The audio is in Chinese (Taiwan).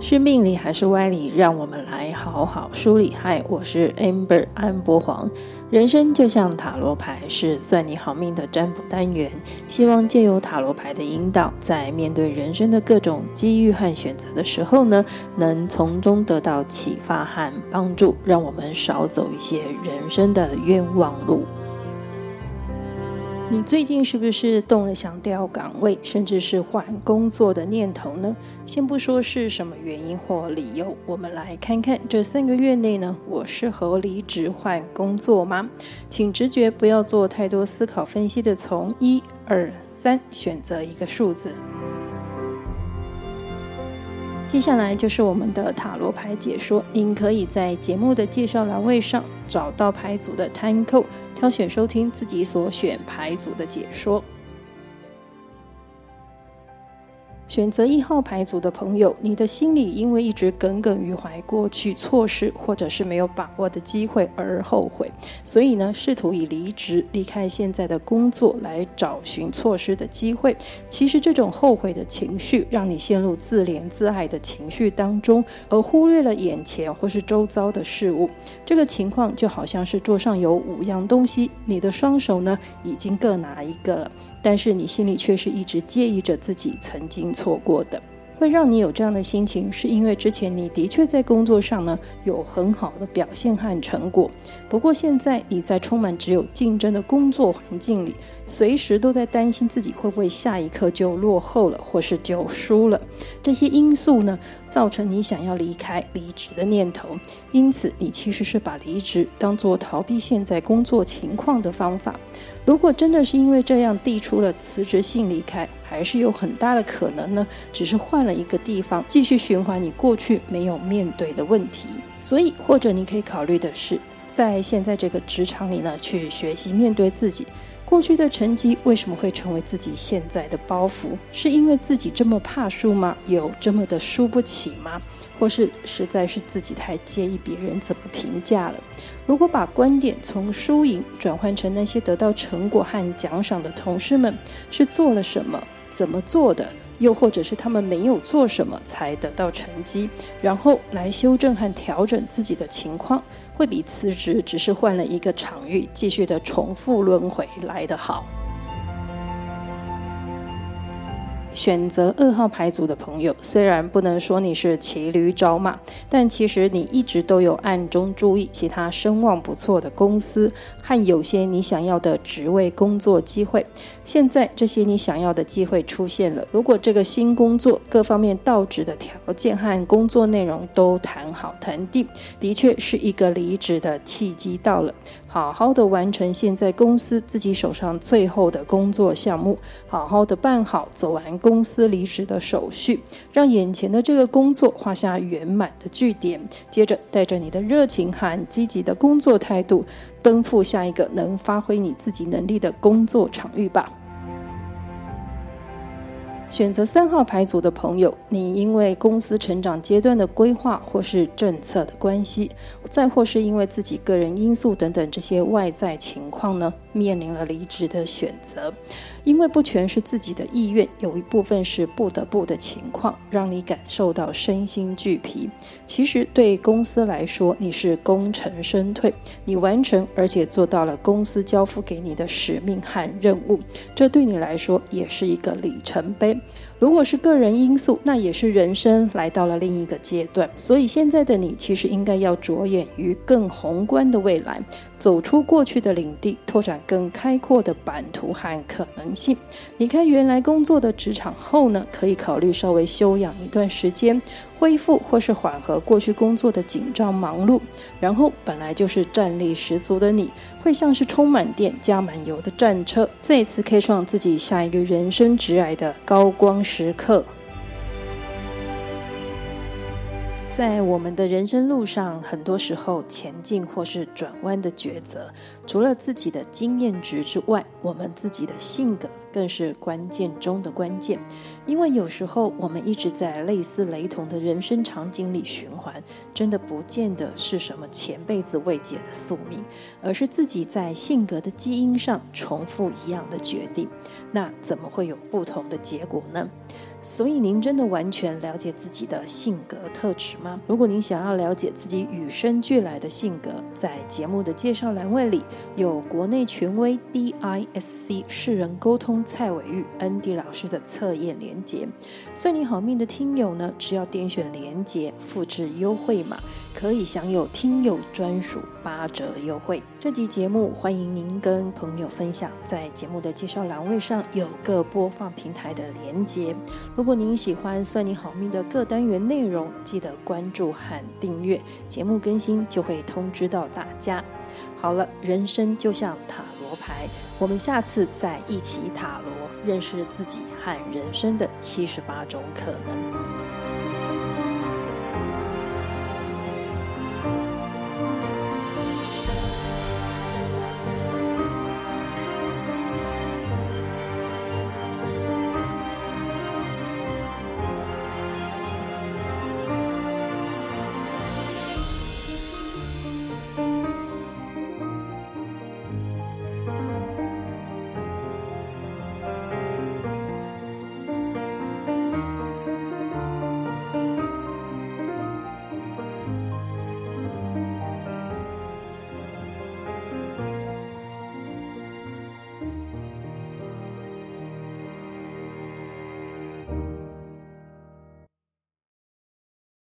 是命理還是歪理？讓我們來好好梳理。嗨，我是 Amber 安博煌，人生就像塔羅牌，是算你好命的占卜單元。希望借由塔羅牌的引導，在面對人生的各種機遇和選擇的時候呢，能從中得到啟發和幫助，讓我們少走一些人生的冤枉路。你最近是不是動了想調崗位，甚至是換工作的念頭呢？先不說是什麼原因或理由，我們來看看這三個月內呢，我適合離職換工作嗎？請直覺，不要做太多思考分析的，從一、二、三選擇一個數字。接下來就是我們的塔羅牌解說，您可以在節目的介紹欄位上找到牌組的 time code，挑選收聽自己所選牌組的解說。選擇一號牌組的朋友，你的心裡因為一直耿耿於懷過去錯失或者是沒有把握的機會而後悔，所以呢，試圖以離職離開現在的工作來找尋錯失的機會。其實這種後悔的情緒讓你陷入自憐自愛的情緒當中，而忽略了眼前或是周遭的事物。這個情況就好像是桌上有五樣東西，你的雙手呢已經各拿一個了，但是你心裡卻是一直介意着自己曾經。錯過的。會讓你有這樣的心情，是因為之前你的確在工作上呢有很好的表現和成果。不過現在你在充滿只有競爭的工作環境裡，隨時都在擔心自己會不會下一刻就落後了，或是就輸了。這些因素呢，造成你想要離開、離職的念頭。因此，你其實是把離職當做逃避現在工作情況的方法。如果真的是因為這樣遞出了辭職信離開。還是有很大的可能呢，只是換了一個地方繼續循環你過去沒有面對的問題。所以，或者你可以考慮的是，在現在這個職場裡呢，去學習面對自己過去的成績為什麼會成為自己現在的包袱？是因為自己這麼怕輸嗎？有這麼的輸不起嗎？或是實在是自己太介意別人怎麼評價了？如果把觀點從輸贏轉換成那些得到成果和獎賞的同事們，是做了什麼？怎麼做的，又或者是他們沒有做什麼才得到成績，然後來修正和調整自己的情況，會比辭職只是換了一個場域，繼續的重複輪迴來得好。選擇二號牌組的朋友，雖然不能說你是騎驢找馬，但其實你一直都有暗中注意其他聲望不錯的公司和有些你想要的職位工作機會。現在這些你想要的機會出現了，如果這個新工作各方面到職的條件和工作內容都談好談定，的確是一個離職的契機到了。好好的完成現在公司自己手上最後的工作項目，好好的辦好，走完公司離職的手續，讓眼前的這個工作畫下圓滿的句點。接着，帶着你的熱情和積極的工作態度，奔赴下一個能發揮你自己能力的工作場域吧。選擇三號牌組的朋友，你因為公司成長階段的規劃，或是政策的關係，再或是因為自己個人因素等等這些外在情況呢，面臨了離職的選擇。因為不全是自己的意願，有一部分是不得不的情況，讓你感受到身心俱疲。其實對公司來說，你是功成身退，你完成，而且做到了公司交付給你的使命和任務，這對你來說也是一個里程碑。如果是個人因素，那也是人生來到了另一個階段。所以現在的你其實應該要着眼於更宏觀的未來，走出過去的領地，拓展更開闊的版圖和可能性。離開原來工作的職場後呢，可以考慮稍微休養一段時間。恢復或是緩和過去工作的緊張忙碌，然後本來就是戰力十足的你，會像是充滿電、加滿油的戰車，再次開創自己下一個人生職涯的高光時刻。在我們的人生路上，很多時候前進或是轉彎的抉擇，除了自己的經驗值之外，我們自己的性格更是關鍵中的關鍵。因為有時候我們一直在類似雷同的人生場景裡循環，真的不見得是什麼前輩子未解的宿命，而是自己在性格的基因上重複一樣的決定。那怎麼會有不同的結果呢？所以，您真的完全了解自己的性格特質嗎？如果您想要了解自己與生俱來的性格，在節目的介紹欄位裡有國內權威 DISC 識人溝通蔡偉玉安迪老師的測驗連結。算你好命的聽友呢，只要點選連結，複製優惠碼，可以享有聽友專屬。八折優惠。這集節目歡迎您跟朋友分享，在節目的介紹欄位上有各播放平台的連接。如果您喜歡《算你好命》的各單元內容，記得關注和訂閱，節目更新就會通知到大家。好了，人生就像塔羅牌，我們下次再一起塔羅，認識自己和人生的七十八種可能。